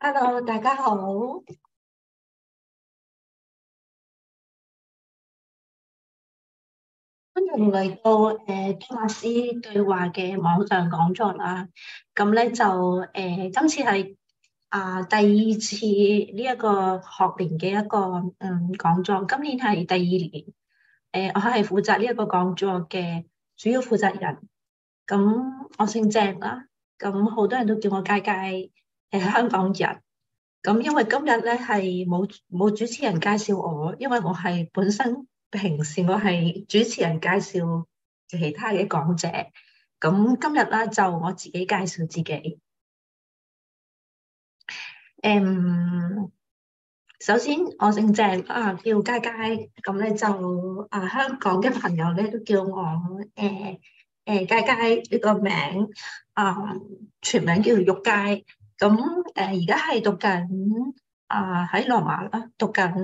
Hello，大家好，歡迎嚟到誒，宗、呃、馬斯對話嘅網上講座啦。咁咧就誒，今、嗯 嗯、次係啊、呃、第二次呢一個學年嘅一個嗯講座，今年係第二年。誒、呃，我係負責呢一個講座嘅主要負責人。咁、嗯、我姓鄭啦，咁、嗯、好多人都叫我佳佳。誒，香港人，咁因為今日咧，係冇冇主持人介紹我，因為我係本身平時我係主持人介紹其他嘅講者，咁今日啦就我自己介紹自己。誒，首先我姓鄭啊，叫佳佳，咁咧就啊香港嘅朋友咧都叫我誒誒佳佳呢個名，啊全名叫玉佳。咁誒，而家係讀緊啊，喺羅馬啦，讀緊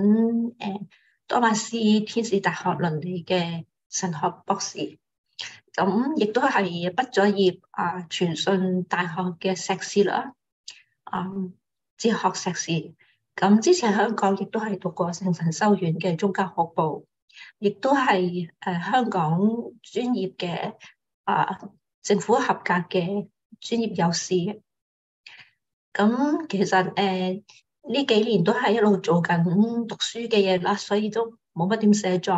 誒多馬斯天使大學倫理嘅神學博士。咁亦都係畢咗業啊，傳信大學嘅碩士啦，嗯，哲學碩士。咁之前香港亦都係讀過聖神修院嘅中間學部，亦都係誒香港專業嘅啊政府合格嘅專業幼師。咁其實誒呢幾年都係一路做緊讀書嘅嘢啦，所以都冇乜點寫作。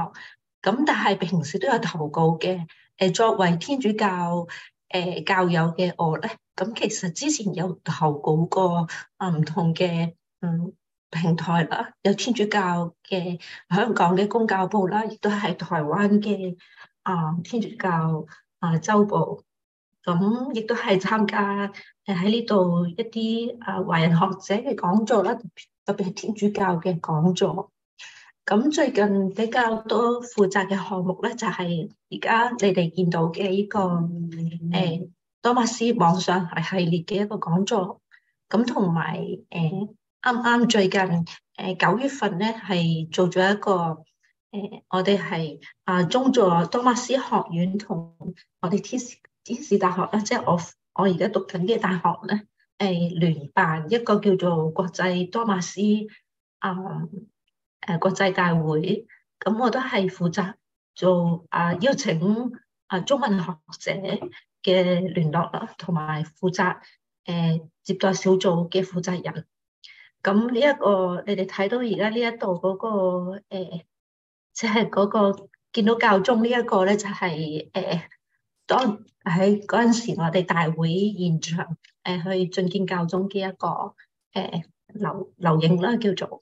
咁但係平時都有投稿嘅。誒作為天主教誒教友嘅我咧，咁其實之前有投稿過啊唔同嘅嗯平台啦，有天主教嘅香港嘅《公教報》啦，亦都係台灣嘅啊天主教啊週報。咁亦都係參加誒喺呢度一啲啊華人學者嘅講座啦，特別係天主教嘅講座。咁最近比較多負責嘅項目咧，就係而家你哋見到嘅呢個誒多瑪斯網上係系列嘅一個講座。咁同埋誒啱啱最近誒九月份咧，係做咗一個誒、欸、我哋係啊中座多瑪斯學院同我哋天展示大學啊，即、就、係、是、我我而家讀緊嘅大學咧，誒聯辦一個叫做國際多馬斯啊誒、嗯嗯、國際大會，咁我都係負責做啊邀請啊中文學者嘅聯絡啦，同埋負責誒、嗯、接待小組嘅負責人。咁呢一個你哋睇到而家呢一度嗰個即係嗰個見到教宗呢一個咧，就係、是、誒。欸當喺嗰陣時，我哋大會現場誒去進見教宗嘅一個誒留留影啦，叫做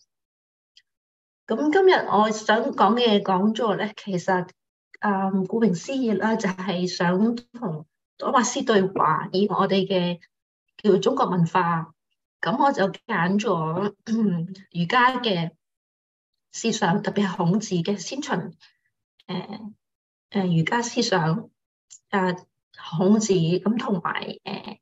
咁。今日我想講嘅講座咧，其實啊，顧、嗯、名思義啦，就係、是、想同多馬斯對話，以我哋嘅叫中國文化。咁我就揀咗儒家嘅思想，特別係孔子嘅先秦誒誒儒家思想。啊，孔子咁同埋誒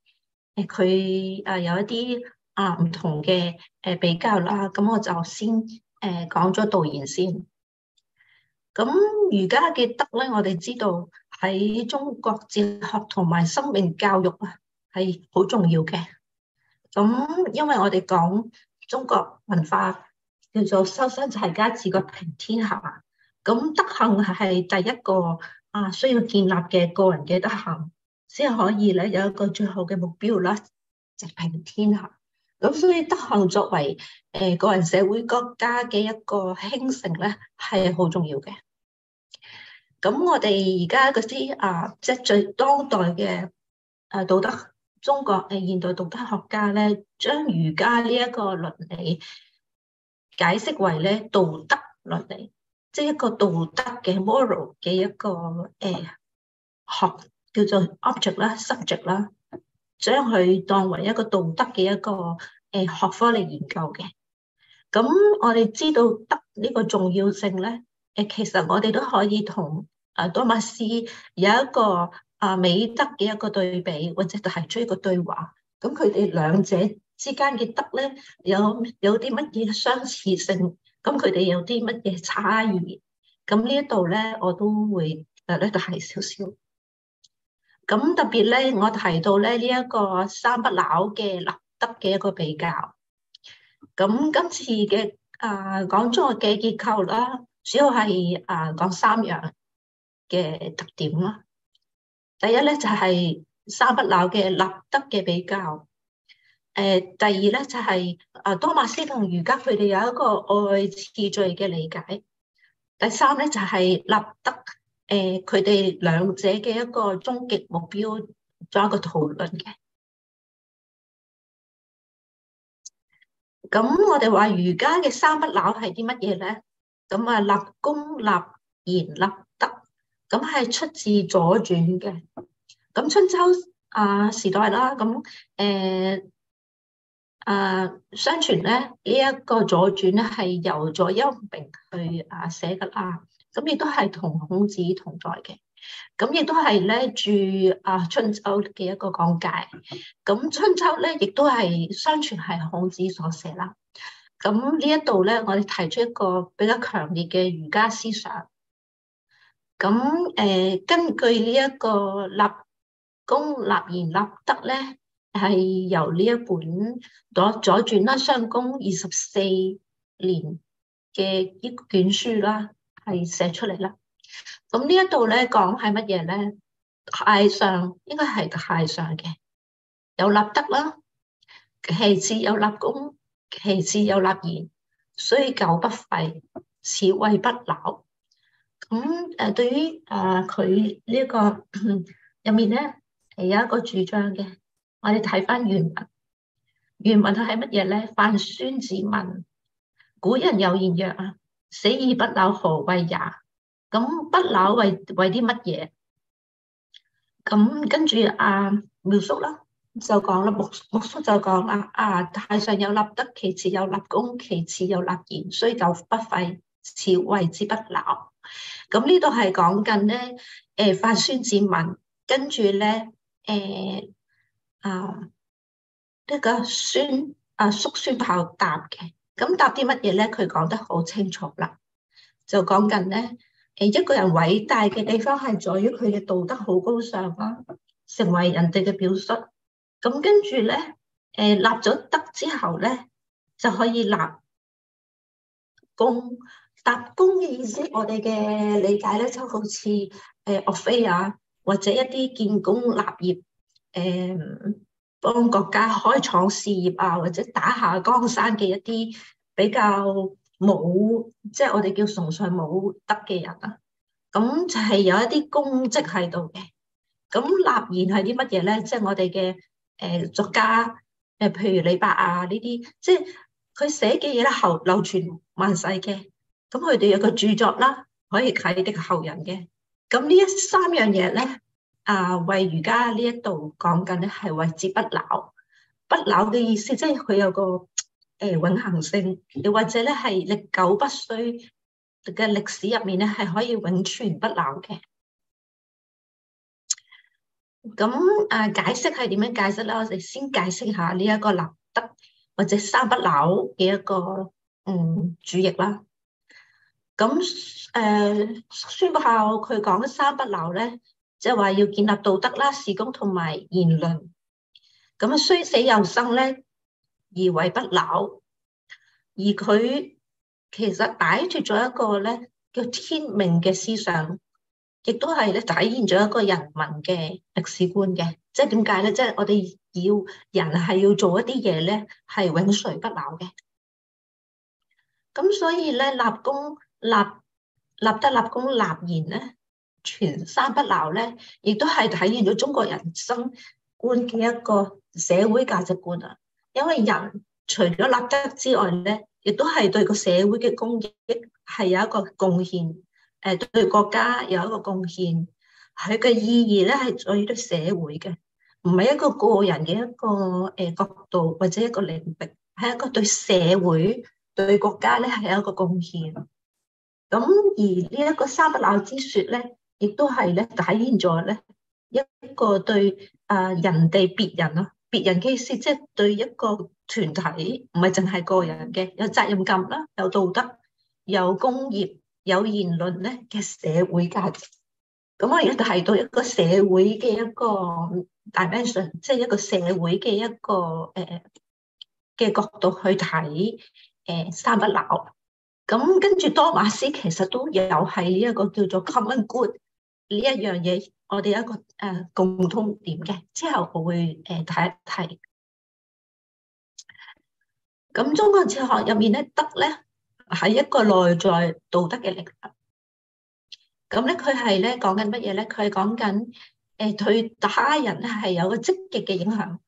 誒佢啊有一啲啊唔同嘅誒比較啦，咁我就先誒講咗導言先。咁儒家嘅德咧，我哋知道喺中國哲學同埋生命教育啊係好重要嘅。咁因為我哋講中國文化叫做修身齊家治國平天下。咁德行係第一個啊，需要建立嘅，個人嘅德行，先可以咧有一個最好嘅目標啦，治平天下。咁所以德行作為誒個人、社會、國家嘅一個興盛咧，係好重要嘅。咁我哋而家嗰啲啊，即係最當代嘅誒道德中國誒現代道德學家咧，將儒家呢一個倫理解釋為咧道德倫理。即係一個道德嘅 moral 嘅一個誒學叫做 object 啦、subject 啦，將佢當為一個道德嘅一個誒學科嚟研究嘅。咁我哋知道德呢個重要性咧，誒其實我哋都可以同啊多馬斯有一個啊美德嘅一個對比，或者提出一個對話。咁佢哋兩者之間嘅德咧，有有啲乜嘢相似性？咁佢哋有啲乜嘢差異？咁呢一度咧，我都會誒咧大少少。咁特別咧，我提到咧呢一個三不朽嘅立德嘅一個比較。咁今次嘅啊講中學嘅結構啦，主要係啊講三樣嘅特點啦。第一咧就係三不朽嘅立德嘅比較。誒，第二咧就係啊，多瑪斯同儒家佢哋有一個愛秩序嘅理解。第三咧就係、是、立德，誒、呃，佢哋兩者嘅一個終極目標做一個討論嘅。咁我哋話儒家嘅三不朽係啲乜嘢咧？咁啊，立功、立言、立德，咁係出自左轉嘅。咁春秋啊、呃、時代啦，咁誒。呃啊、呃！相傳咧，呢、這、一個左傳咧係由左丘明去啊寫噶啦，咁亦都係同孔子同在嘅，咁亦都係咧住啊春秋嘅一個講解，咁春秋咧亦都係相傳係孔子所寫啦。咁呢一度咧，我哋提出一個比較強烈嘅儒家思想。咁誒、呃，根據呢一個立功立言立德咧。係由呢一本左左轉啦，相公二十四年嘅一卷書啦，係寫出嚟啦。咁呢一度咧講係乜嘢咧？太上應該係太上嘅，有立德啦，其次有立功，其次有立言，雖久不廢，此謂不朽。咁誒，對於誒佢呢個入面咧，係有一個主張嘅。我哋睇翻原文，原文係乜嘢咧？范宣子問」古人有言曰：啊，死而不朽，何謂也？咁不朽」為為啲乜嘢？咁跟住阿妙叔啦，就講啦，木木叔就講啦，啊，太上有立德，其次有立功，其次有立言，所以就不廢，此謂之不朽。」咁呢度係講緊咧，誒，范宣子問」跟呢，跟住咧，誒。啊！一、這個孫啊叔孫豹答嘅，咁答啲乜嘢咧？佢講得好清楚啦，就講緊咧，誒，一個人偉大嘅地方係在於佢嘅道德好高尚啦，成為人哋嘅表率。咁跟住咧，誒、呃，立咗德之後咧，就可以立功。立功嘅意思，我哋嘅理解咧，就好似誒，岳飛啊，或者一啲建功立業。誒，幫、um, 國家開創事業啊，或者打下江山嘅一啲比較冇，即、就、係、是、我哋叫崇尚冇德嘅人啊。咁就係有一啲功績喺度嘅。咁立言係啲乜嘢咧？即、就、係、是、我哋嘅誒作家，誒，譬如李白啊呢啲，即係佢寫嘅嘢咧，後、就是、流傳萬世嘅。咁佢哋有個著作啦、啊，可以啟迪後人嘅。咁呢一三樣嘢咧。啊，為儒家呢一度講緊咧，係為之不朽，不朽嘅意思，即係佢有個誒、呃、永恆性，又或者咧係歷久不衰嘅歷史入面咧係可以永存不朽嘅。咁啊，解釋係點樣解釋啦？我哋先解釋下呢一個立德或者三不朽嘅一個嗯主翼啦。咁誒、呃，宣佈校佢講三不朽咧。即係話要建立道德啦，事功同埋言論，咁啊雖死猶生咧，而為不朽，而佢其實擺脫咗一個咧叫天命嘅思想，亦都係咧體現咗一個人民嘅歷史觀嘅。即係點解咧？即係我哋要人係要做一啲嘢咧，係永垂不朽嘅。咁所以咧，立功、立立德、立功、立言咧。全三不鬧咧，亦都係體現咗中國人生觀嘅一個社會價值觀啊！因為人除咗立德之外咧，亦都係對個社會嘅公益係有一個貢獻，誒，對國家有一個貢獻，佢嘅意義咧係在於社會嘅，唔係一個個人嘅一個誒角度或者一個領域，係一個對社會對國家咧係有一個貢獻。咁而呢一個三不鬧之說咧。亦都係咧體現咗咧一個對啊人哋別人咯，別人嘅意思即係對一個團體，唔係淨係個人嘅，有責任感啦，有道德，有功業，有言論咧嘅社會價值。咁我而家提到一個社會嘅一個 dimension，即係一個社會嘅一個誒嘅、呃、角度去睇誒、呃、三不朽。咁跟住多馬斯其實都有係呢一個叫做 common good。呢一樣嘢，我哋有一個誒共通點嘅。之後我會誒睇一睇。咁中國哲學入面咧，德咧係一個內在道德嘅力量。咁咧佢係咧講緊乜嘢咧？佢係講緊誒對他人咧係有個積極嘅影響。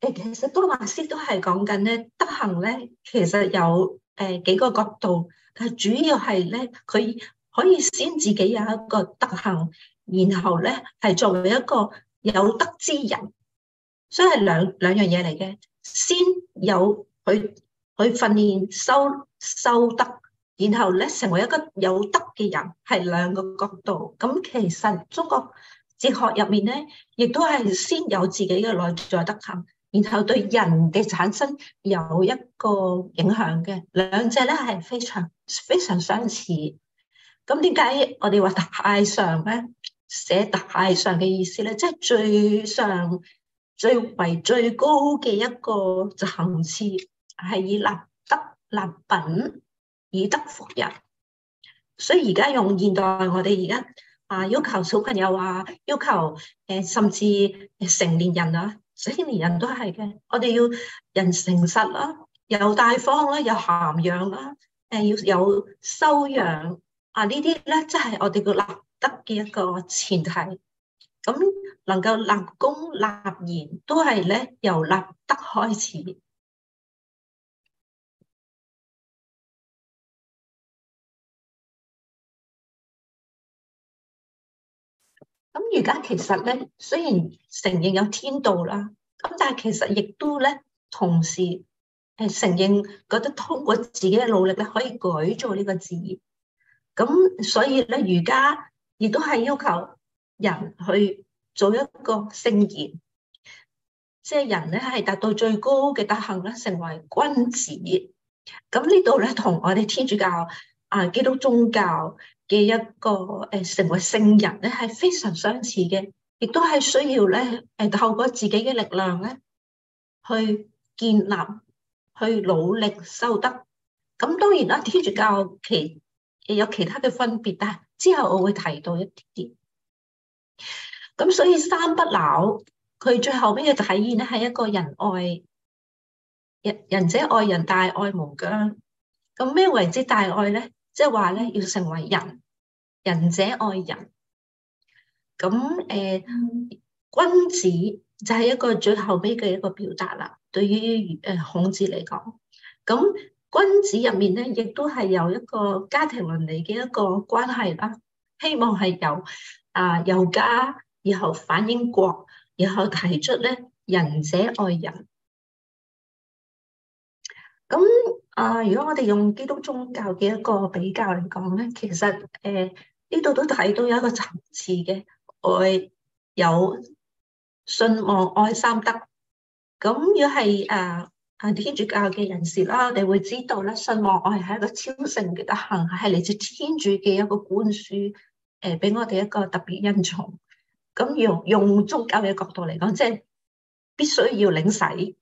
誒其實東漢師都係講緊咧，德行咧其實有誒幾個角度，但係主要係咧佢可以先自己有一個德行。然後咧係作為一個有德之人，所以係兩兩樣嘢嚟嘅。先有去去訓練修修德，然後咧成為一個有德嘅人，係兩個角度。咁、嗯、其實中國哲學入面咧，亦都係先有自己嘅內在德行，然後對人嘅產生有一個影響嘅。兩者咧係非常非常相似。咁點解我哋話太上咧？寫大上嘅意思咧，即係最上、最為最高嘅一個層次，係以立德立品，以德服人。所以而家用現代，我哋而家啊要求小朋友啊，要求誒，甚至成年人啊，青年人都係嘅。我哋要人誠實啦、啊，又大方啦、啊，又涵養啦，誒，要有修養啊，呢啲咧，即係我哋嘅立。得嘅一個前提，咁能夠立功立言都係咧由立德開始。咁儒家其實咧，雖然承認有天道啦，咁但係其實亦都咧同時誒承認覺得通過自己嘅努力咧可以改造呢個自然。咁所以咧儒家。亦都係要求人去做一個聖賢，即係人咧係達到最高嘅德行啦，成為君子。咁呢度咧同我哋天主教啊基督宗教嘅一個誒成為聖人咧係非常相似嘅，亦都係需要咧誒透過自己嘅力量咧去建立、去努力修德。咁當然啦，天主教其亦有其他嘅分別，但係。之後我會提到一啲啲，咁所以三不朽佢最後邊嘅體現咧係一個人愛人，仁者愛人，大愛無疆。咁咩為之大愛咧？即係話咧要成為人，仁者愛人。咁誒、呃，君子就係一個最後尾嘅一個表達啦。對於誒、呃，孔子嚟講，咁。君子入面咧，亦都係有一個家庭倫理嘅一個關係啦。希望係由啊由家，然後反映國，然後提出咧仁者愛人。咁啊，如果我哋用基督宗教嘅一個比較嚟講咧，其實誒呢度都睇到有一個層次嘅愛，有信望愛三德。咁如果係啊？天主教嘅人士啦，我哋會知道咧，信望愛係一個超性嘅德行，係嚟自天主嘅一個灌輸，誒、呃，俾我哋一個特別恩寵。咁、呃、用用宗教嘅角度嚟講，即係必須要領洗，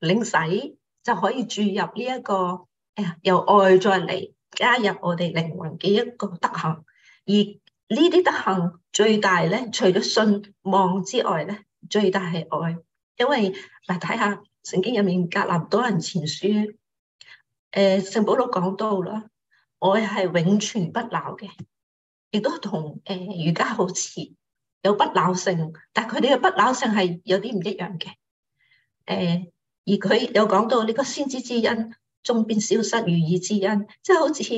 領洗就可以注入呢、這、一個誒、呃、由愛再嚟加入我哋靈魂嘅一個德行。而呢啲德行最大咧，除咗信望之外咧，最大係愛，因為嗱睇下。聖經入面格納多人前書，誒、呃，聖保祿講到啦，愛係永存不朽嘅，亦都同誒、呃、儒家好似有不朽性，但係佢哋嘅不朽性係有啲唔一樣嘅，誒、呃，而佢有講到呢個先知之恩終變消失，語言之恩，即係好似誒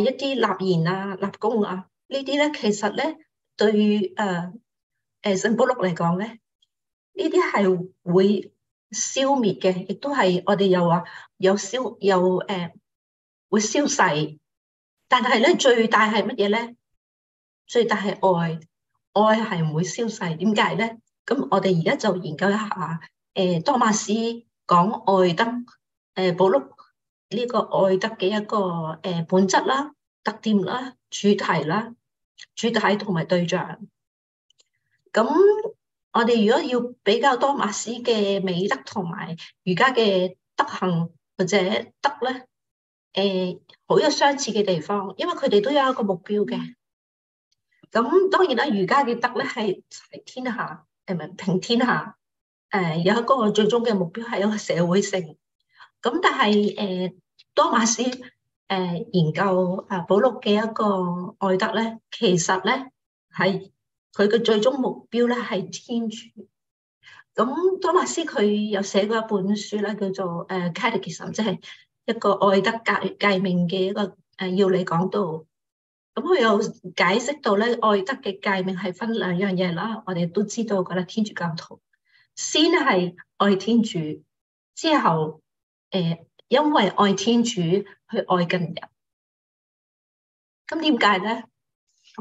一啲立言啊、立功啊呢啲咧，其實咧對誒誒聖保祿嚟講咧，呢啲係會。消滅嘅，亦都係我哋又話有消，有誒、呃、會消逝。但係咧，最大係乜嘢咧？最大係愛，愛係唔會消逝。點解咧？咁我哋而家就研究一下。誒、呃，多馬斯講愛德，誒、呃，保祿呢個愛德嘅一個誒本質啦、特點啦、主題啦、主體同埋對象。咁。我哋如果要比較多馬斯嘅美德同埋儒家嘅德行或者德咧，誒、呃，好有相似嘅地方，因為佢哋都有一個目標嘅。咁當然啦，儒家嘅德咧係齊天下，誒咪？平天下，誒、呃、有一個最終嘅目標係一個社會性。咁但係誒、呃，多馬斯誒、呃、研究啊保祿嘅一個愛德咧，其實咧係。佢嘅最終目標咧係天主。咁多馬斯佢有寫過一本書咧，叫做《誒 Catechism》即係一個愛德嘅誡命嘅一個誒要理講道，咁佢有解釋到咧，愛德嘅誡命係分兩樣嘢啦。我哋都知道嘅啦，天主教徒先係愛天主，之後誒、呃，因為愛天主去愛近人。咁點解咧？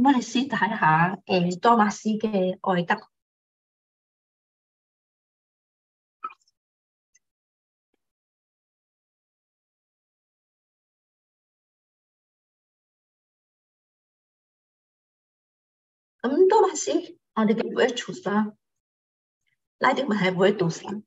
咁我哋先睇下誒多馬斯嘅愛德。咁多馬斯，我哋嘅 virtuous 啦，拉丁文係 virtuous。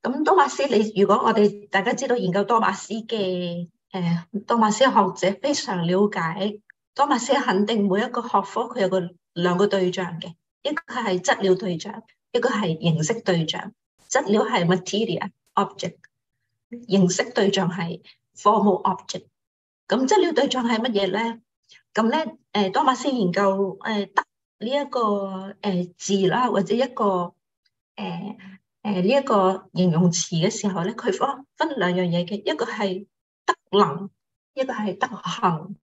咁多馬斯，你如果我哋大家知道研究多馬斯嘅誒多馬斯學者，非常瞭解。多馬斯肯定每一個學科，佢有個兩個對象嘅，一個係質料對象，一個係形式對象。質料係 material object，形式對象係 formal object。咁質料對象係乜嘢咧？咁咧，誒多馬斯研究誒德呢一個誒字啦，或者一個誒誒呢一個形容詞嘅時候咧，佢分分兩樣嘢嘅，一個係德能，一個係德行。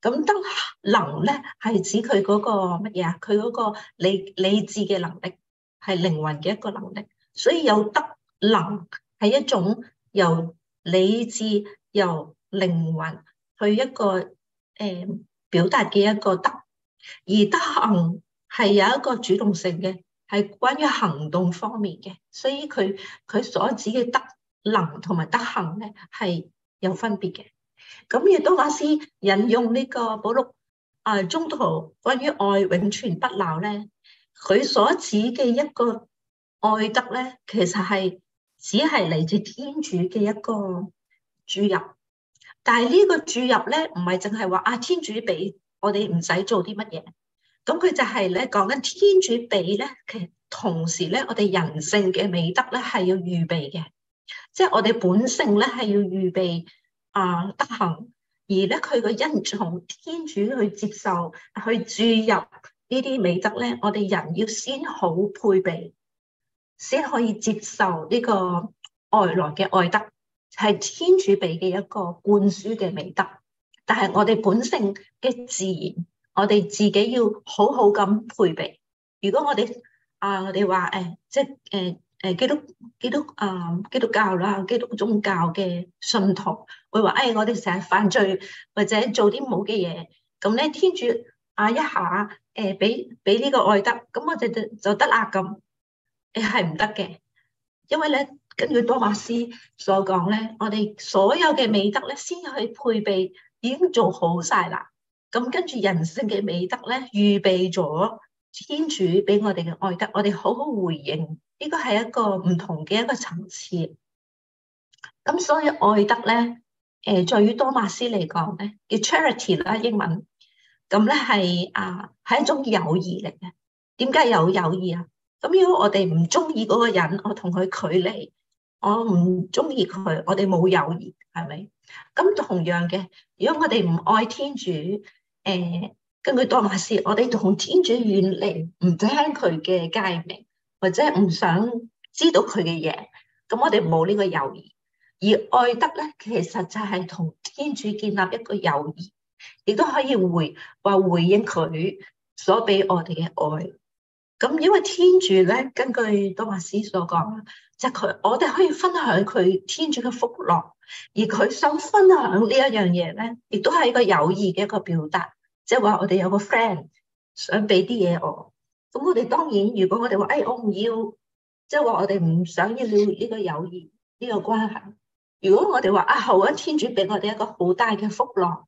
咁德能咧係指佢嗰個乜嘢啊？佢嗰個理理智嘅能力係靈魂嘅一個能力，所以有德能係一種由理智、由靈魂去一個誒、呃、表達嘅一個德，而德行係有一個主動性嘅，係關於行動方面嘅，所以佢佢所指嘅德能同埋德行咧係有分別嘅。咁，亦都法師引用呢個保祿《寶錄》啊，中途關於愛永存不朽」呢，咧，佢所指嘅一個愛德咧，其實係只係嚟自天主嘅一個注入。但係呢個注入咧，唔係淨係話啊，天主俾我哋唔使做啲乜嘢。咁佢就係咧講緊天主俾咧，其實同時咧，我哋人性嘅美德咧係要預備嘅，即係我哋本性咧係要預備。啊，德行，而咧佢個恩從天主去接受，去注入呢啲美德咧，我哋人要先好配備，先可以接受呢個外來嘅愛德，係天主俾嘅一個灌輸嘅美德。但係我哋本性嘅自然，我哋自己要好好咁配備。如果我哋啊，我哋話誒，即係誒。哎誒基督，基督啊，基督教啦，基督宗教嘅信徒會話誒、哎、我哋成日犯罪或者做啲冇嘅嘢，咁咧天主嗌一下誒俾俾呢個愛德，咁我哋就得啦，咁誒係唔得嘅，因為咧根據多馬斯所講咧，我哋所有嘅美德咧先去配備已經做好晒啦，咁跟住人性嘅美德咧預備咗。天主俾我哋嘅愛德，我哋好好回應，呢、這個係一個唔同嘅一個層次。咁所以愛德咧，誒、呃，在於多瑪斯嚟講咧，叫 charity 啦，英文。咁咧係啊，係一種友誼嚟嘅。點解有友誼啊？咁如果我哋唔中意嗰個人，我同佢距離，我唔中意佢，我哋冇友誼，係咪？咁同樣嘅，如果我哋唔愛天主，誒、呃。根據多馬斯，我哋同天主遠離，唔聽佢嘅誡命，或者唔想知道佢嘅嘢，咁我哋冇呢個友誼。而愛德咧，其實就係同天主建立一個友誼，亦都可以回話回應佢所俾我哋嘅愛。咁因為天主咧，根據多馬斯所講，就佢、係、我哋可以分享佢天主嘅福樂，而佢想分享呢一樣嘢咧，亦都係一個友誼嘅一個表達。即係話我哋有個 friend 想俾啲嘢我，咁我哋當然如果我哋話，誒、就是、我唔要，即係話我哋唔想要呢個友誼呢、這個關係。如果我哋話啊，好啊，天主俾我哋一個好大嘅福樂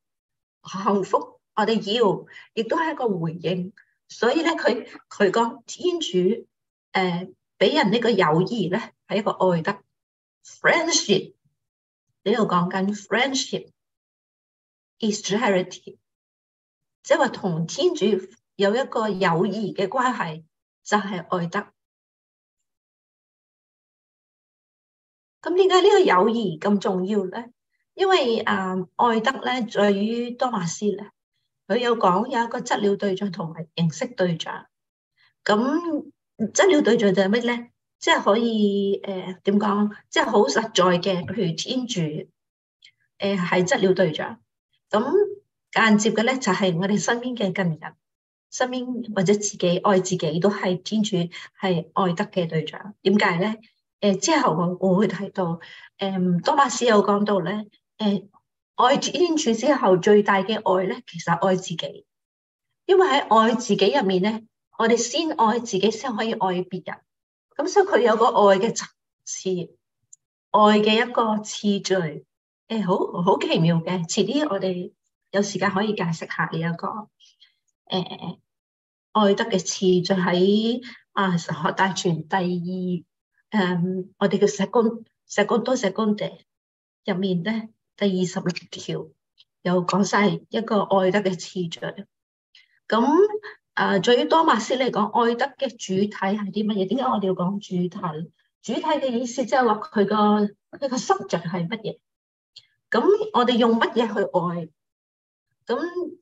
幸福，我哋要，亦都係一個回應。所以咧，佢佢講天主誒俾、呃、人呢個友誼咧係一個愛德 friendship，你有講緊 friendship is charity。即係話同天主有一個友誼嘅關係，就係愛德。咁點解呢個友誼咁重要咧？因為啊，愛德咧在於多馬斯咧，佢有講有一個質料對象同埋形式對象。咁質料對象就係咩咧？即係可以誒，點講？即係好實在嘅，譬如天主誒係質料對象。咁間接嘅咧，就係我哋身邊嘅近人，身邊或者自己愛自己都係天主係愛德嘅對象。點解咧？誒、呃、之後我會睇到，誒、呃、多瑪斯有講到咧，誒、呃、愛天主之後最大嘅愛咧，其實愛自己，因為喺愛自己入面咧，我哋先愛自己先可以愛別人。咁所以佢有個愛嘅層次，愛嘅一個次序，誒、呃、好好奇妙嘅。遲啲我哋有時間可以解釋下呢一個誒、呃、愛德嘅次序喺啊《神學大全第、嗯第》第二誒，我哋叫《石公石公多石公地》入面咧，第二十六條有講晒一個愛德嘅次序。咁啊、呃，對於多馬斯嚟講，愛德嘅主體係啲乜嘢？點解我哋要講主體？主體嘅意思即係話佢個佢個心著係乜嘢？咁我哋用乜嘢去愛？咁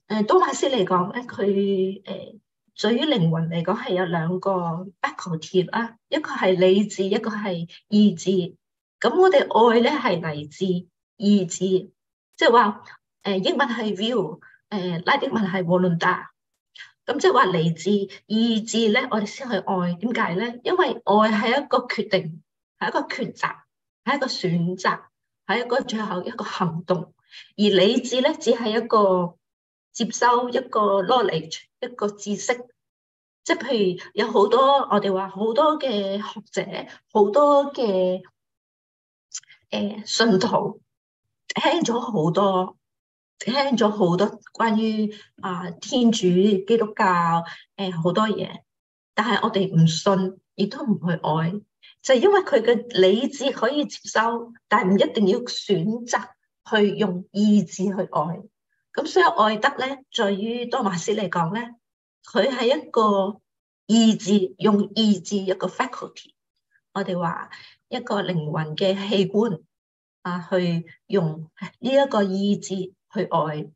誒多瑪斯嚟講咧，佢誒對於靈魂嚟講係有兩個 faculty 啊，一個係理智，一個係意志。咁我哋愛咧係嚟自意志，即係話誒英文係 view，誒拉丁文係 voluntas。咁即係話嚟自意志咧，我哋先去愛。點解咧？因為愛係一個決定，係一個抉擇，係一個選擇，係一個最後一個行動。而理智咧，只係一個接收一個 knowledge 一個知識，即係譬如有好多我哋話好多嘅學者，好多嘅誒信徒聽咗好多，聽咗好多關於啊天主基督教誒好多嘢，但係我哋唔信，亦都唔去愛，就係因為佢嘅理智可以接收，但係唔一定要選擇。去用意志去愛，咁所以愛德咧，在於多馬斯嚟講咧，佢係一個意志，用意志一個 faculty，我哋話一個靈魂嘅器官啊，去用呢一個意志去愛，咁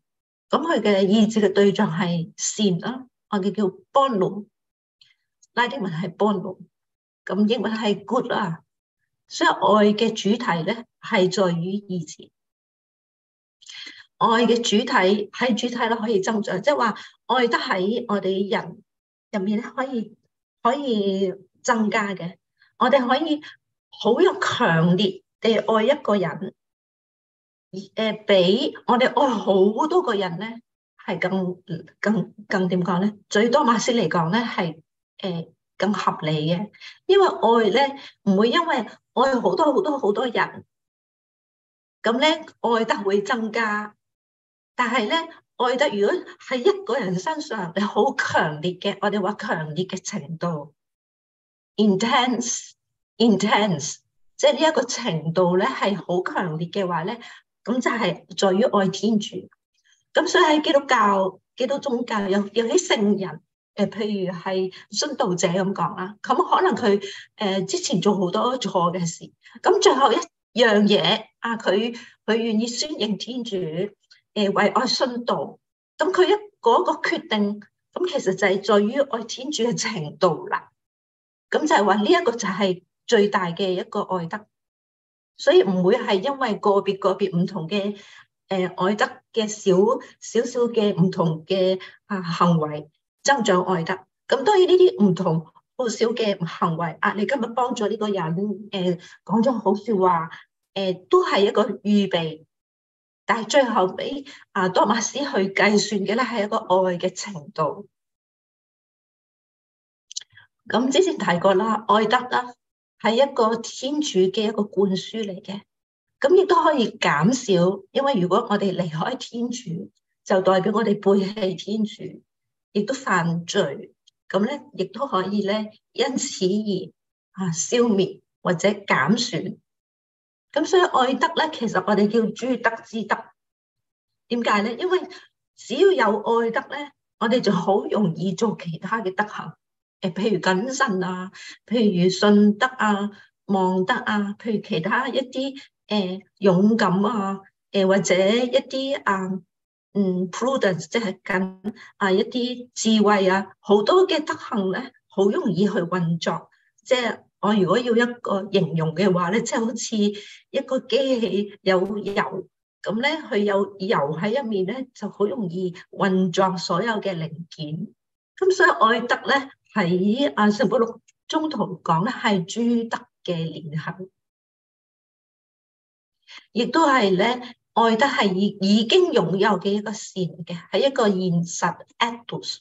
佢嘅意志嘅對象係善啦，我哋叫 bonum，拉丁文係 bonum，咁英文係 good 啦，所以愛嘅主題咧係在於意志。愛嘅主體，喺主體啦，可以增長，即係話愛得喺我哋人入面咧，可以可以增加嘅。我哋可以好有強烈地愛一個人，而誒，比我哋愛好多個人咧，係更更更點講咧？最多馬克思嚟講咧，係誒更合理嘅。因為愛咧唔會因為愛好多好多好多人，咁咧愛得會增加。但係咧，愛得如果喺一個人身上你好強烈嘅，我哋話強烈嘅程度 intense intense，即係呢一個程度咧係好強烈嘅話咧，咁就係在於愛天主。咁所以喺基督教、基督宗教有有啲聖人，誒、呃，譬如係殉道者咁講啦，咁可能佢誒、呃、之前做好多錯嘅事，咁最後一樣嘢啊，佢佢願意宣認天主。誒為愛信道，咁佢一個一個決定，咁其實就係在於愛天主嘅程度啦。咁就係話呢一個就係最大嘅一個愛德，所以唔會係因為個別個別唔同嘅誒愛德嘅少少少嘅唔同嘅啊行為增長愛德。咁當然呢啲唔同好少嘅行為，啊你今日幫助呢個人誒講咗好説話誒，都係一個預備。但係最後畀啊，多馬斯去計算嘅咧係一個愛嘅程度。咁之前提過啦，愛德啦係一個天主嘅一個灌輸嚟嘅，咁亦都可以減少。因為如果我哋離開天主，就代表我哋背棄天主，亦都犯罪。咁咧亦都可以咧，因此而啊消滅或者減損。咁所以愛德咧，其實我哋叫諸德之德，點解咧？因為只要有愛德咧，我哋就好容易做其他嘅德行，誒，譬如謹慎啊，譬如信德啊、望德啊，譬如其他一啲誒、呃、勇敢啊，誒或者一啲啊嗯 prudence 即係緊啊一啲智慧啊，好多嘅德行咧，好容易去運作，即係。我如果要一個形容嘅話咧，即、就、係、是、好似一個機器有油咁咧，佢有油喺入面咧，就好容易運作所有嘅零件。咁所以愛德咧喺啊聖保祿中途講咧，係諸德嘅聯合，亦都係咧愛德係已已經擁有嘅一個線嘅，係一個現實 e n t i e s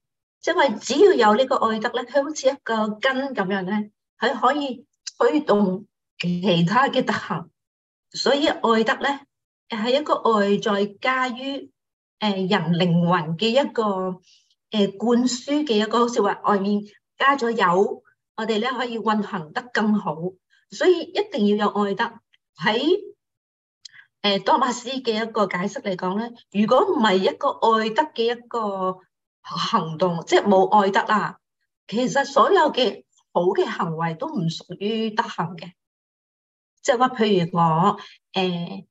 因為只要有呢個愛德咧，佢好似一個根咁樣咧，佢可以推動其他嘅德行。所以愛德咧，係一個外在加於誒人靈魂嘅一個誒灌輸嘅一個，好似話外面加咗油，我哋咧可以運行得更好。所以一定要有愛德。喺誒多馬斯嘅一個解釋嚟講咧，如果唔係一個愛德嘅一個。行動即係冇愛德啊！其實所有嘅好嘅行為都唔屬於德行嘅，即係話譬如我誒、欸、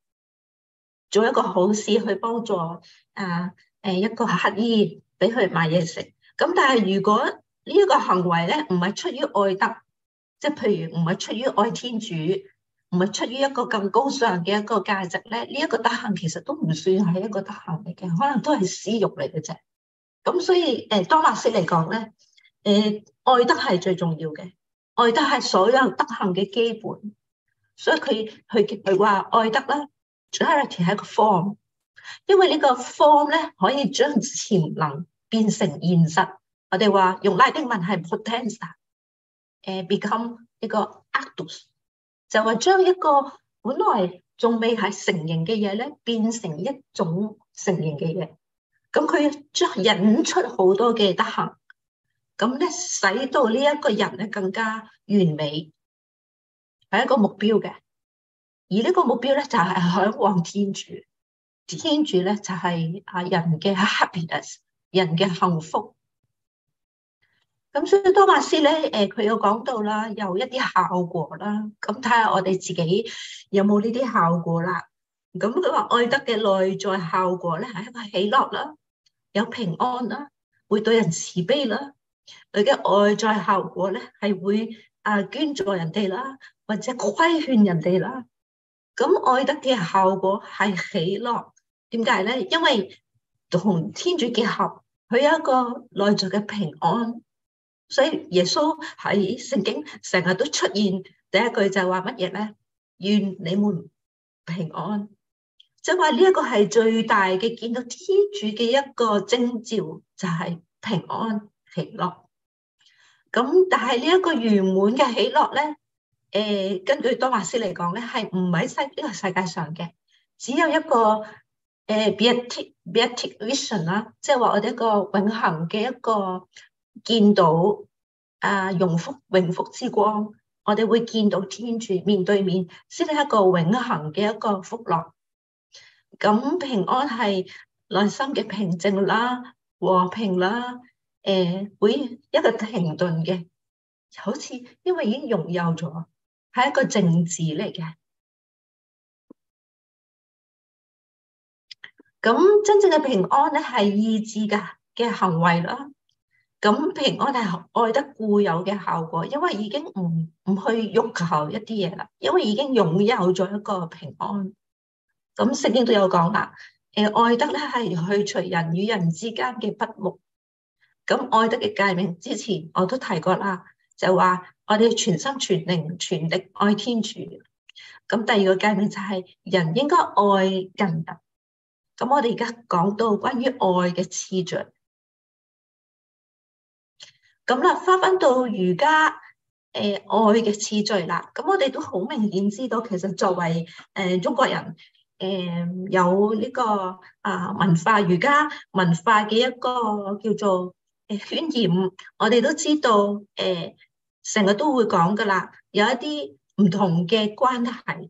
做一個好事去幫助啊誒、欸、一個乞衣俾佢買嘢食。咁但係如果呢一個行為咧唔係出於愛德，即係譬如唔係出於愛天主，唔係出於一個更高尚嘅一個價值咧，呢、這、一個德行其實都唔算係一個德行嚟嘅，可能都係私欲嚟嘅啫。咁所以，誒、欸、多馬斯嚟講咧，誒、欸、愛德係最重要嘅，愛德係所有德行嘅基本。所以佢佢佢話愛德啦，charity 係一個 form，因為呢個 form 咧可以將潛能變成現實。我哋話用拉丁文係 potentia、欸、become 一個 actus，就話將一個本來仲未係成形嘅嘢咧，變成一種成形嘅嘢。咁佢將引出好多嘅德行，咁咧使到呢一個人咧更加完美，係一個目標嘅。而呢個目標咧就係、是、向往天主，天主咧就係、是、啊人嘅 happiness，人嘅幸福。咁所以多瑪斯咧，誒佢有講到啦，有一啲效果啦。咁睇下我哋自己有冇呢啲效果啦。咁佢話愛德嘅內在效果咧係一個喜樂啦。有平安啦，會對人慈悲啦，佢嘅外在效果咧係會啊捐助人哋啦，或者規勸人哋啦。咁愛德嘅效果係喜樂，點解咧？因為同天主結合，佢有一個內在嘅平安。所以耶穌喺聖經成日都出現，第一句就係話乜嘢咧？願你們平安。即係話呢一個係最大嘅見到天主嘅一個徵兆，就係、是、平安喜樂。咁但係呢一個圓滿嘅喜樂咧，誒、呃，根據多馬斯嚟講咧，係唔喺世呢個世界上嘅，只有一個誒、呃、beatific beatific vision 啦、啊，即係話我哋一個永恆嘅一個見到啊，榮福永福之光，我哋會見到天主面對面，先係一個永恆嘅一個福樂。咁平安係內心嘅平靜啦，和平啦，誒、欸，會一個停頓嘅，好似因為已經擁有咗，係一個政治嚟嘅。咁真正嘅平安咧，係意志嘅嘅行為啦。咁平安係愛得固有嘅效果，因為已經唔唔去欲求一啲嘢啦，因為已經擁有咗一個平安。咁聖經都有講啦，誒愛德咧係去除人與人之間嘅不睦。咁愛德嘅誡命之前我都提過啦，就話我哋全心全靈全力愛天主。咁第二個誡命就係人應該愛近人。咁我哋而家講到關於愛嘅次序，咁啦，翻返到儒家誒愛嘅次序啦。咁我哋都好明顯知道，其實作為誒、呃、中國人。誒有呢個啊，文化儒家文化嘅一個叫做誒渲染，我哋都知道誒成日都會講噶啦，有一啲唔同嘅關係，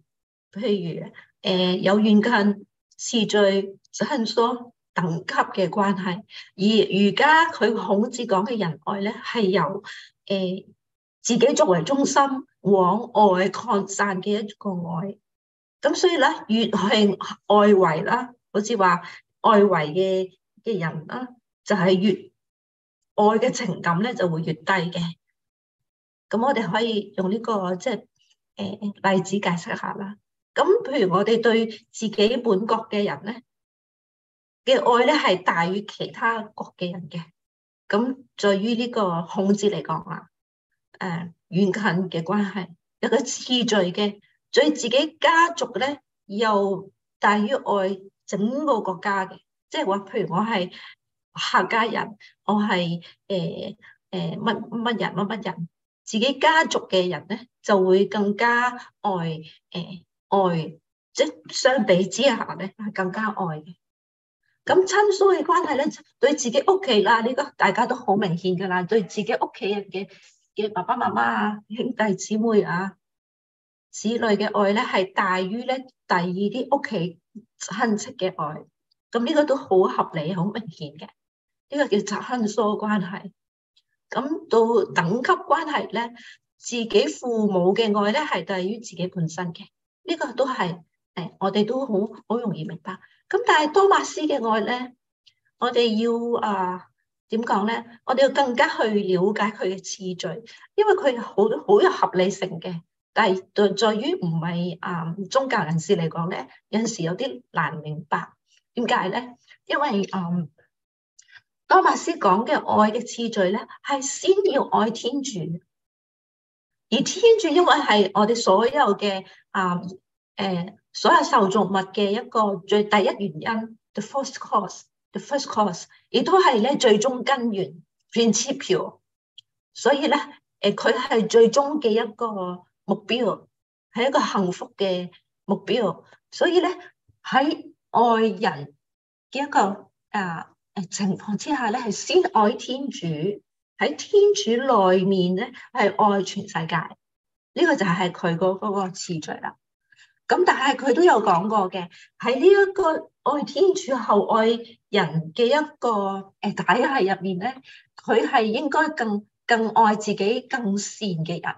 譬如誒、呃、有遠近次序、親疏等級嘅關係。而儒家佢孔子講嘅仁愛咧，係由誒、呃、自己作為中心往外擴散嘅一個愛。咁所以咧，越係外圍啦，好似話外圍嘅嘅人啦，就係、是、越愛嘅情感咧就會越低嘅。咁我哋可以用呢、這個即係誒例子解釋下啦。咁譬如我哋對自己本國嘅人咧嘅愛咧係大於其他國嘅人嘅。咁在於呢個孔子嚟講啊，誒、呃、遠近嘅關係，有個次序嘅。所以自己家族咧又大於愛整個國家嘅，即係話，譬如我係客家人，我係誒誒乜乜人乜乜人，自己家族嘅人咧就會更加愛誒、呃、愛，即係相比之下咧係更加愛嘅。咁親疏嘅關係咧，對自己屋企啦，呢個大家都好明顯㗎啦，對自己屋企人嘅嘅爸爸媽媽啊、兄弟姊妹啊、子女嘅愛咧係大於咧第二啲屋企親戚嘅愛，咁呢個都好合理、好明顯嘅。呢個叫親疏關係。咁到等級關係咧，自己父母嘅愛咧係大於自己本身嘅，呢個都係誒，我哋都好好容易明白。咁但係多瑪斯嘅愛咧，我哋要啊點講咧？我哋要更加去了解佢嘅次序，因為佢好好有合理性嘅。但係對於唔係啊宗教人士嚟講咧，有陣時有啲難明白點解咧？因為啊、嗯，多馬斯講嘅愛嘅次序咧，係先要愛天主，而天主因為係我哋所有嘅啊誒、呃、所有受造物嘅一個最第一原因、嗯、the first cause，the first cause，亦都係咧最終根源 principle，所以咧，誒佢係最終嘅一個。目標係一個幸福嘅目標，所以咧喺愛人嘅一個啊誒、呃、情況之下咧，係先愛天主，喺天主內面咧係愛全世界，呢、這個就係佢個嗰個次序啦。咁但係佢都有講過嘅，喺呢一個愛天主後愛人嘅一個誒、呃、體系入面咧，佢係應該更更愛自己更善嘅人。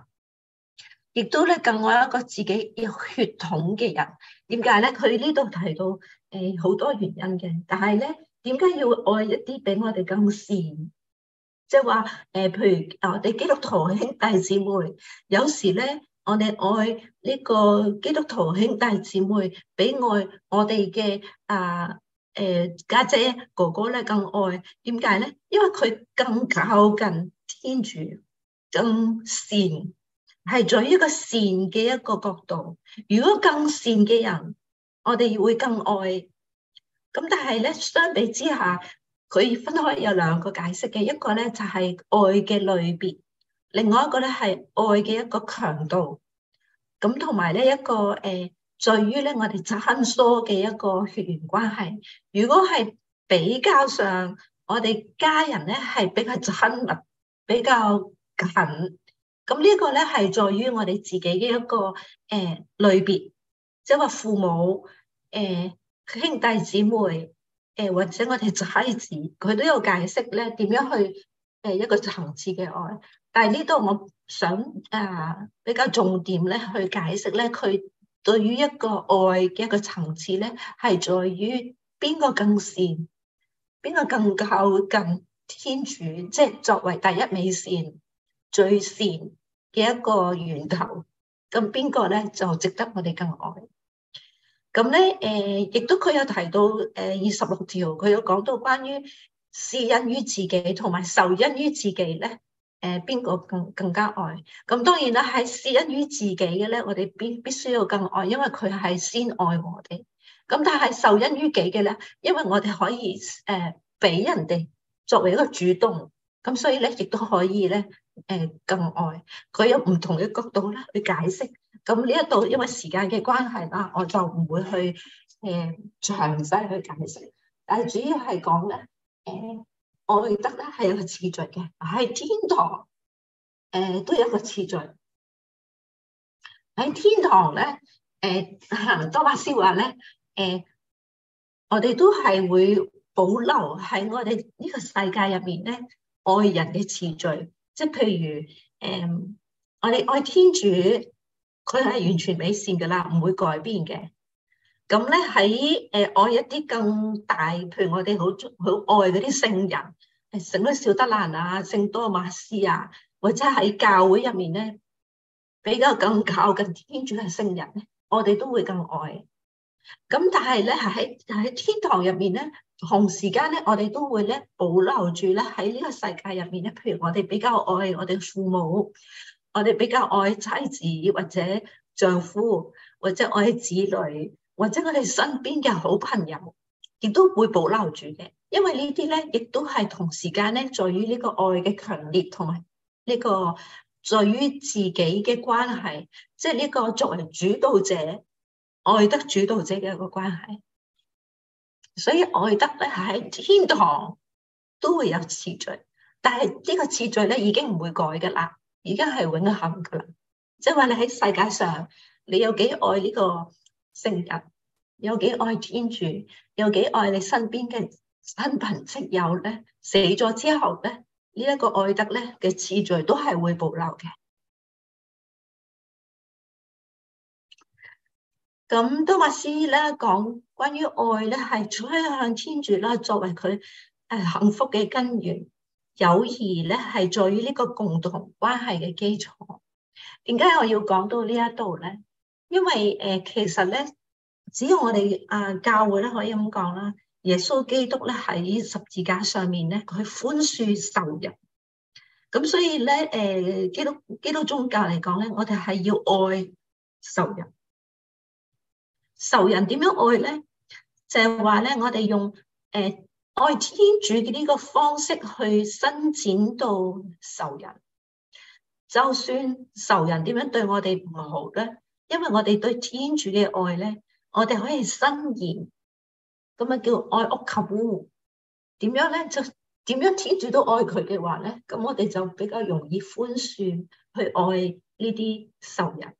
亦都咧更愛一個自己有血統嘅人，點解咧？佢呢度提到誒好多原因嘅，但係咧點解要愛一啲比我哋更善？即係話誒，譬如啊，我哋基督徒兄弟姊妹，有時咧我哋愛呢個基督徒兄弟姊妹，比愛我哋嘅啊誒家姐哥哥咧更愛，點解咧？因為佢更靠近天主，更善。係在於一個善嘅一個角度，如果更善嘅人，我哋會更愛。咁但係咧，相比之下，佢分開有兩個解釋嘅，一個咧就係、是、愛嘅類別，另外一個咧係愛嘅一個強度。咁同埋咧一個誒、呃，在於咧我哋親疏嘅一個血緣關係。如果係比較上，我哋家人咧係比較親密，比較近。咁呢個咧係在於我哋自己嘅一個誒、呃、類別，即係話父母、誒、呃、兄弟姊妹、誒、呃、或者我哋仔子，佢都有解釋咧點樣去誒、呃、一個層次嘅愛。但係呢度我想啊、呃、比較重點咧去解釋咧，佢對於一個愛嘅一個層次咧係在於邊個更善，邊個更靠近天主，即係作為第一美善最善，嘅一個源頭，咁邊個咧就值得我哋更愛？咁咧，誒，亦都佢有提到誒、二十六條，佢有講到關於施恩於自己同埋受恩於自己咧，誒，邊個更更加愛？咁當然啦，係施恩於自己嘅咧，我哋必必須要更愛，因為佢係先愛我哋。咁但係受恩於己嘅咧，因為我哋可以誒俾、呃、人哋作為一個主動。咁所以咧，亦都可以咧，誒、呃，更愛佢有唔同嘅角度咧去解釋。咁呢一度，因為時間嘅關係啦，我就唔會去誒、呃、詳細去解釋。但係主要係講咧，我、呃、愛德咧係有個次序嘅，喺天堂，誒、呃、都有一個次序。喺天堂咧，誒、呃、多巴斯話咧，誒、呃、我哋都係會保留喺我哋呢個世界入面咧。愛人嘅次序，即係譬如，誒、嗯，我哋愛天主，佢係完全美善噶啦，唔會改變嘅。咁咧喺誒愛一啲更大，譬如我哋好中好愛嗰啲聖人，聖女小德蘭啊，聖多馬斯啊，或者喺教會入面咧比較更靠近天主嘅聖人，我哋都會更愛。咁但係咧，喺喺天堂入面咧。同時間咧，我哋都會咧保留住咧喺呢個世界入面咧。譬如我哋比較愛我哋父母，我哋比較愛妻子或者丈夫，或者愛子女，或者我哋身邊嘅好朋友，亦都會保留住嘅。因為呢啲咧，亦都係同時間咧，在於呢個愛嘅強烈同埋呢個在於自己嘅關係，即係呢個作為主導者愛得主導者嘅一個關係。所以愛德咧喺天堂都會有次序，但係呢個次序咧已經唔會改嘅啦，已經係永恆噶啦。即係話你喺世界上，你有幾愛呢個聖人，有幾愛天主，有幾愛你身邊嘅親朋戚友咧，死咗之後咧，呢、這、一個愛德咧嘅次序都係會保留嘅。咁多馬斯咧，講。關於愛咧，係走向天主啦，作為佢誒幸福嘅根源。友誼咧係在於呢個共同關係嘅基礎。點解我要講到呢一度咧？因為誒、呃，其實咧，只要我哋啊、呃、教會咧，可以咁講啦，耶穌基督咧喺十字架上面咧，佢寬恕仇人。咁所以咧，誒、呃、基督基督宗教嚟講咧，我哋係要愛仇人。仇人點樣愛咧？就係話咧，我哋用誒愛天主嘅呢個方式去伸展到仇人，就算仇人點樣對我哋唔好咧，因為我哋對天主嘅愛咧，我哋可以伸延，咁樣叫愛屋及烏。點樣咧？就點樣天主都愛佢嘅話咧，咁我哋就比較容易寬恕去愛呢啲仇人，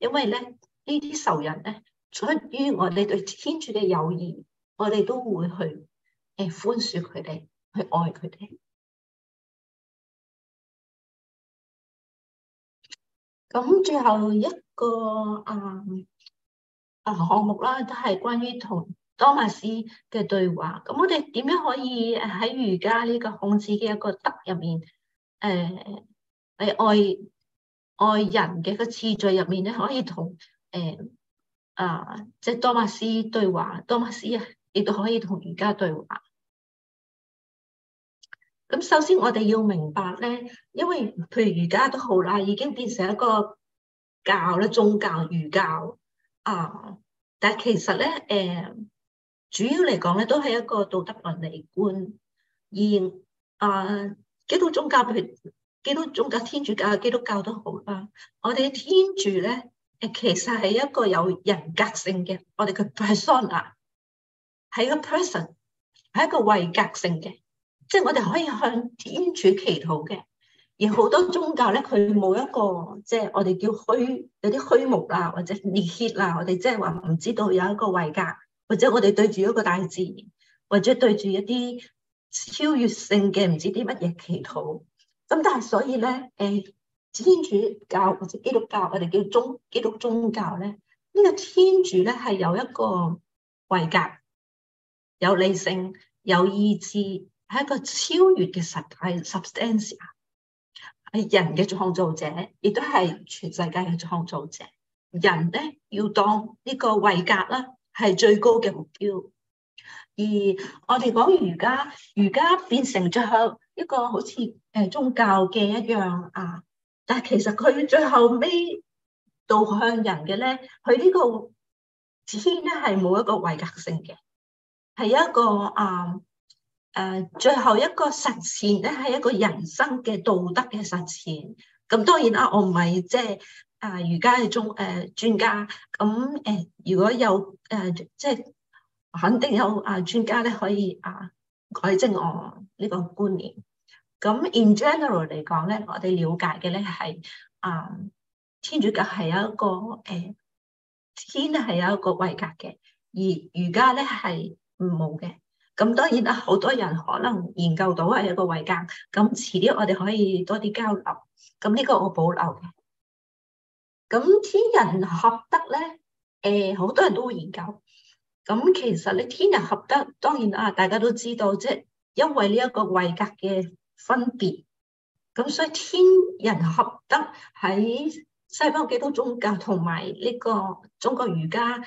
因為咧呢啲仇人咧。出於我哋對天主嘅友誼，我哋都會去誒寬恕佢哋，去愛佢哋。咁最後一個啊啊項目啦，都係關於同多瑪斯嘅對話。咁我哋點樣可以喺儒家呢個孔子嘅一個德入面，誒、呃、係愛愛人嘅一個次序入面咧，可以同誒？呃啊！即、就是，多瑪斯對話，多瑪斯啊，亦都可以同瑜伽對話。咁首先我哋要明白咧，因為譬如瑜伽都好啦，已經變成一個教咧，宗教、瑜教。啊。但係其實咧，誒、呃，主要嚟講咧，都係一個道德倫理觀。而啊，基督宗教譬如基督宗教、天主教、基督教都好啦。我哋天主咧。其實係一個有人格性嘅，我哋嘅 person 啊，係個 person，係一個位格性嘅，即係我哋可以向天主祈禱嘅。而好多宗教咧，佢冇一個，即係我哋叫虛有啲虛無啊，或者裂血啊，我哋即係話唔知道有一個位格，或者我哋對住一個大自然，或者對住一啲超越性嘅唔知啲乜嘢祈禱。咁但係所以咧，誒。天主教或者基督教，我哋叫宗基督宗教咧。呢、這個天主咧係有一個位格，有理性，有意志，係一個超越嘅實體，substance，係人嘅創造者，亦都係全世界嘅創造者。人咧要當呢個位格啦，係最高嘅目標。而我哋講儒家，儒家變成咗一個好似誒宗教嘅一樣啊～但係其實佢最後尾導向人嘅咧，佢呢個天咧係冇一個違格性嘅，係一個啊誒、啊、最後一個實踐咧係一個人生嘅道德嘅實踐。咁當然啦，我唔係即係啊儒家嘅專誒專家。咁誒、呃、如果有誒、呃、即係肯定有啊專家咧可以啊改正我呢個觀念。咁 in general 嚟講咧，我哋了解嘅咧係啊，天主教係有一個誒、哎、天係有一個位格嘅，而儒家咧係冇嘅。咁當然啦，好多人可能研究到係一個位格。咁遲啲我哋可以多啲交流。咁呢個我保留嘅。咁天人合德咧，誒、哎、好多人都會研究。咁其實咧，天人合德，當然啊，大家都知道即係，因為呢一個位格嘅。分別咁，所以天人合德喺西方基督宗教同埋呢個中國儒家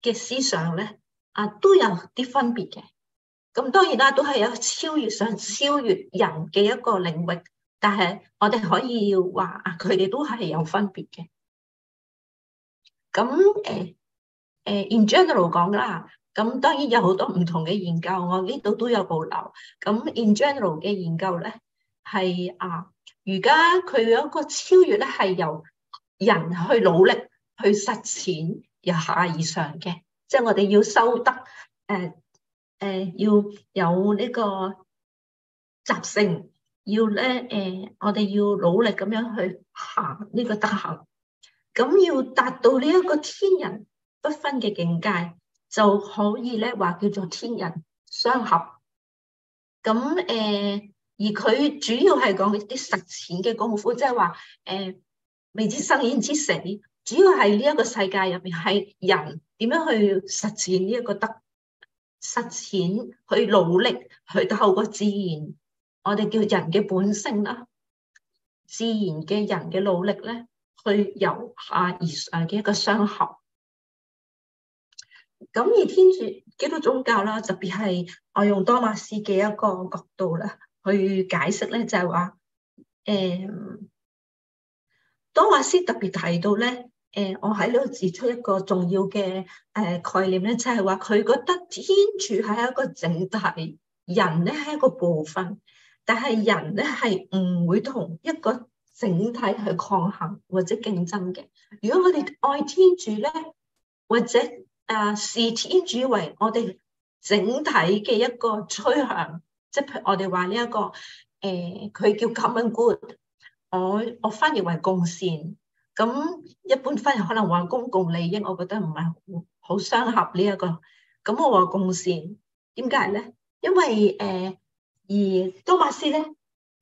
嘅思想咧，啊都有啲分別嘅。咁當然啦、啊，都係有超越上超越人嘅一個領域，但係我哋可以話啊，佢哋都係有分別嘅。咁誒誒，in general 講啦。啊啊啊咁當然有好多唔同嘅研究，我呢度都有保留。咁 in general 嘅研究咧，係啊，而家佢有一個超越咧，係由人去努力去實踐由下而上嘅，即係我哋要修德，誒、呃、誒、呃、要有呢個習性，要咧誒、呃，我哋要努力咁樣去行呢個德行，咁要達到呢一個天人不分嘅境界。就可以咧，話叫做天人相合。咁誒、呃，而佢主要係講啲實踐嘅功夫，即係話誒，未知生焉知死。主要係呢一個世界入邊係人點樣去實踐呢一個德實踐，去努力去透過自然，我哋叫人嘅本性啦，自然嘅人嘅努力咧，去由下而上嘅一個相合。咁而天主基督宗教啦，特別係我用多馬斯嘅一個角度啦，去解釋咧，就係話誒，多馬斯特別提到咧，誒、嗯，我喺呢度指出一個重要嘅誒概念咧，就係話佢覺得天主係一個整體，人咧係一個部分，但係人咧係唔會同一個整體去抗衡或者競爭嘅。如果我哋愛天主咧，或者啊，視天主為我哋整體嘅一個趨向，即係我哋話呢一個誒，佢、呃、叫 common good，我我翻譯為共善。咁一般翻譯可能話公共利益，我覺得唔係好相合呢、這、一個。咁我話共善，點解咧？因為誒、呃，而多瑪斯咧，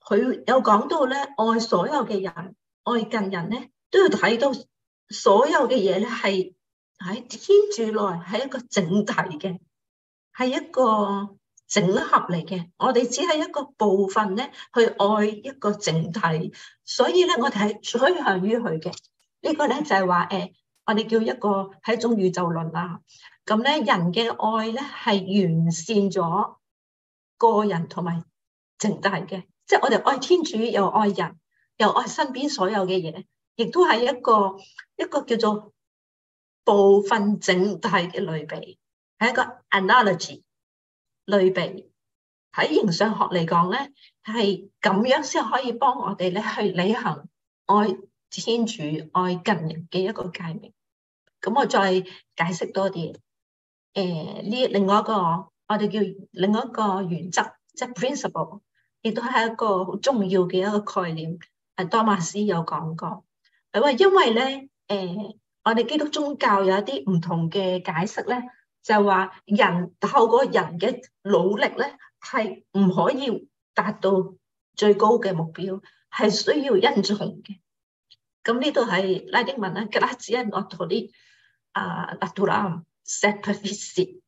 佢有講到咧，愛所有嘅人，愛近人咧，都要睇到所有嘅嘢咧係。喺天主內係一個整體嘅，係一個整合嚟嘅。我哋只係一個部分咧，去愛一個整體，所以咧我哋係取向於佢嘅。這個、呢個咧就係話，誒，我哋叫一個係一種宇宙論啦。咁咧人嘅愛咧係完善咗個人同埋整體嘅，即係我哋愛天主又愛人，又愛身邊所有嘅嘢，亦都係一個一個叫做。部分整體嘅類比係一個 analogy 類比，喺形上學嚟講咧，係咁樣先可以幫我哋咧去履行愛天主愛近人嘅一個誡命。咁我再解釋多啲。誒、呃、呢另外一個我哋叫另外一個原則，即係 principle，亦都係一個好重要嘅一個概念。阿多瑪斯有講過。佢話，因為咧誒。呃我哋基督宗教有一啲唔同嘅解釋咧，就係話人透過人嘅努力咧，係唔可以達到最高嘅目標，係需要恩寵嘅。咁呢度係拉丁文啊，Gratia non tollit naturam, 啊, sed perficit，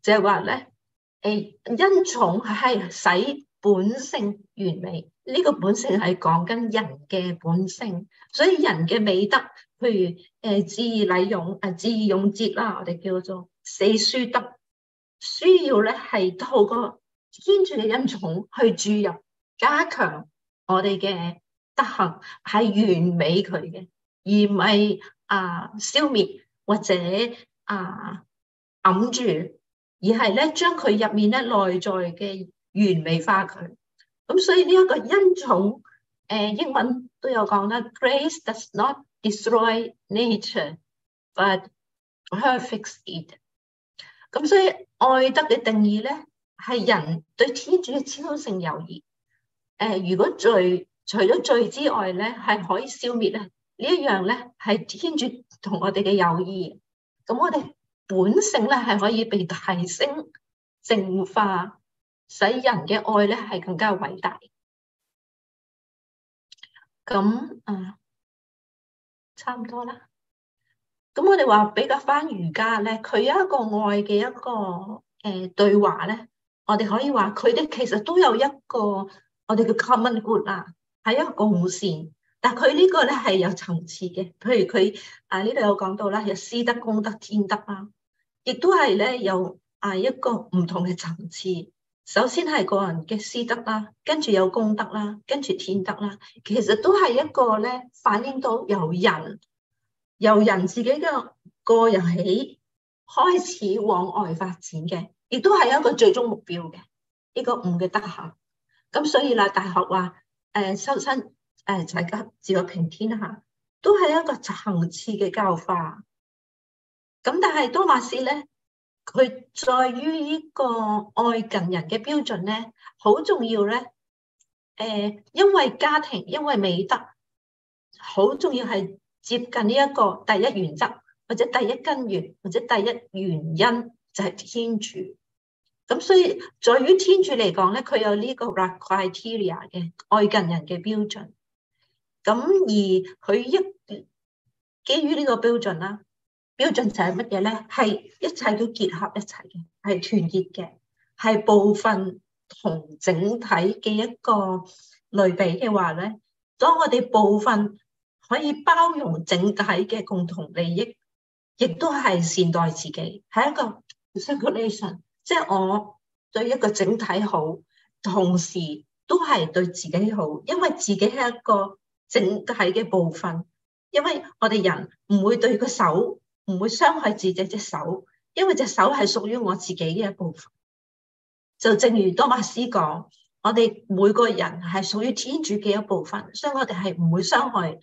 就係話咧，誒恩寵係使本性完美。呢個本性係講緊人嘅本性，所以人嘅美德。譬如，誒，志義禮勇，誒，智義勇節啦，我哋叫做四樞德。需要咧係透過天主嘅恩寵去注入、加強我哋嘅德行，係完美佢嘅，而唔係啊消滅或者啊揞、呃、住，而係咧將佢入面咧內在嘅完美化佢。咁所以呢一個恩寵誒、呃、英文都有講啦，grace does not Destroy nature，but perfect it。咁所以愛德嘅定義咧，係人對天主嘅超性友誼。誒、呃，如果罪除咗罪之外咧，係可以消滅咧，呢一樣咧係天主同我哋嘅友誼。咁我哋本性咧係可以被提升、淨化，使人嘅愛咧係更加偉大。咁啊。呃差唔多啦，咁我哋話比較翻儒家咧，佢有一個愛嘅一個誒對話咧，我哋可以話佢哋其實都有一個我哋嘅 Common Good 啦，係一個共善，但佢呢個咧係有層次嘅，譬如佢啊呢度有講到啦，有私德、公德、天德啦，亦都係咧有啊一個唔同嘅層次。首先係個人嘅私德啦，跟住有功德啦，跟住天德啦，其實都係一個咧反映到由人由人自己嘅個人起開始往外發展嘅，亦都係一個最終目標嘅呢個五嘅德行。咁所以啦，大學話誒修身誒就係自我平天下，都係一個層次嘅教化。咁但係多話是咧。佢在於呢個愛近人嘅標準咧，好重要咧。誒、呃，因為家庭，因為美德，好重要係接近呢一個第一原則，或者第一根源，或者第一原因，就係、是、天主。咁所以，在於天主嚟講咧，佢有呢個 criteria 嘅愛近人嘅標準。咁而佢一基於呢個標準啦。標準就係乜嘢咧？係一切都結合一齊嘅，係團結嘅，係部分同整體嘅一個類比嘅話咧，當我哋部分可以包容整體嘅共同利益，亦都係善待自己，係一個 synchronization，即係我對一個整體好，同時都係對自己好，因為自己係一個整體嘅部分，因為我哋人唔會對個手。唔會傷害自己隻手，因為隻手係屬於我自己嘅一部分。就正如多馬斯講，我哋每個人係屬於天主嘅一部分，所以我哋係唔會傷害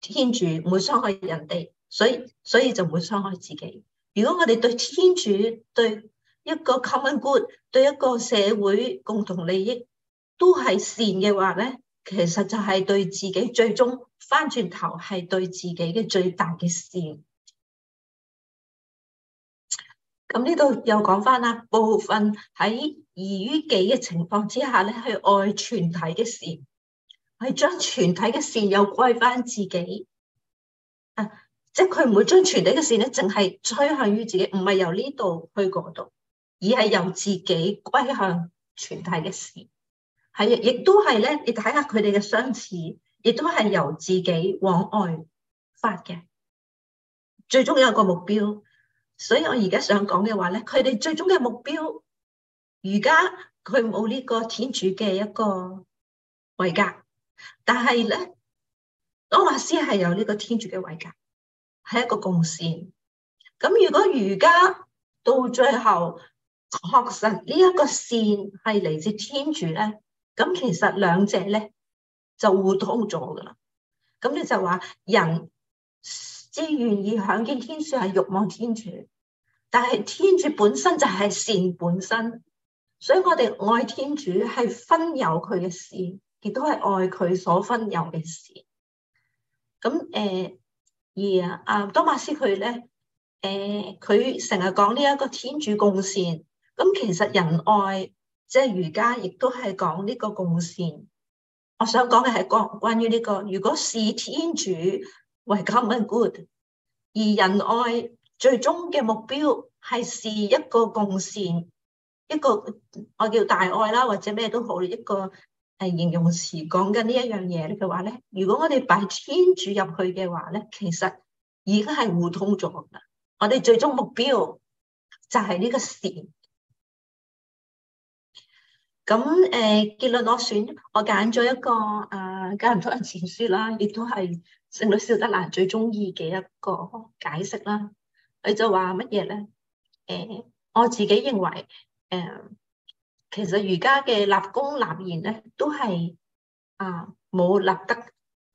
天主，唔會傷害人哋，所以所以就唔會傷害自己。如果我哋對天主、對一個 common good、對一個社會共同利益都係善嘅話咧，其實就係對自己最終翻轉頭係對自己嘅最大嘅善。咁呢度又講翻啦，部分喺異於己嘅情況之下咧，去愛全體嘅事，係將全體嘅事又歸翻自己。啊，即係佢唔會將全體嘅事咧，淨係趨向於自己，唔係由呢度去嗰度，而係由自己歸向全體嘅事。係亦都係咧，你睇下佢哋嘅相似，亦都係由自己往外發嘅，最終有一個目標。所以我而家想講嘅話咧，佢哋最終嘅目標，儒家佢冇呢個天主嘅一個位格，但係咧，安華師係有呢個天主嘅位格，係一個共線。咁如果儒家到最後確實呢一個線係嚟自天主咧，咁其實兩者咧就互通咗噶啦。咁你就話人。只願意想見天主係慾望天主，但係天主本身就係善本身，所以我哋愛天主係分有佢嘅善，亦都係愛佢所分有嘅善。咁誒而啊，阿多馬斯佢咧誒，佢成日講呢一個天主共善，咁其實仁愛即係儒家亦都係講呢個共善。我想講嘅係關關於呢個，如果視天主為 common good，而仁愛最終嘅目標係是一個共善，一個我叫大愛啦，或者咩都好，一個誒、呃、形容詞講緊呢一樣嘢嘅話咧，如果我哋擺天主入去嘅話咧，其實已經係互通咗噶。我哋最終目標就係呢個善。咁誒、呃，結論落選，我揀咗一個誒，揀唔到人前說啦，亦都係。聖女小德蘭最中意嘅一個解釋啦，佢就話乜嘢咧？誒、欸，我自己認為，誒、欸，其實儒家嘅立功立言咧，都係啊冇立德，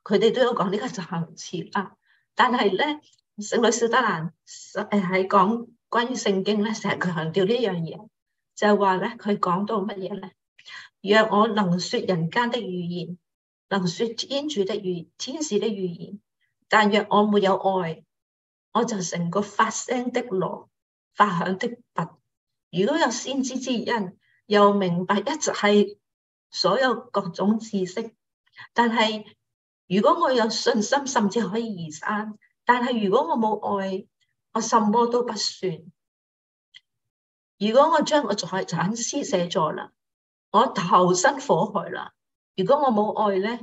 佢哋都有講呢個層次啊。但係咧，聖女小德蘭誒喺講關於聖經咧，成日強調呢樣嘢，就係話咧，佢講到乜嘢咧？若我能説人間的語言，能說天主的語言，天使的語言，但若我沒有愛，我就成個發聲的鑼，發響的鈸。如果有先知之恩，又明白一直係所有各種知識，但係如果我有信心，甚至可以移山，但係如果我冇愛，我什麼都不算。如果我將我財產施捨咗啦，我投身火海啦，如果我冇愛咧？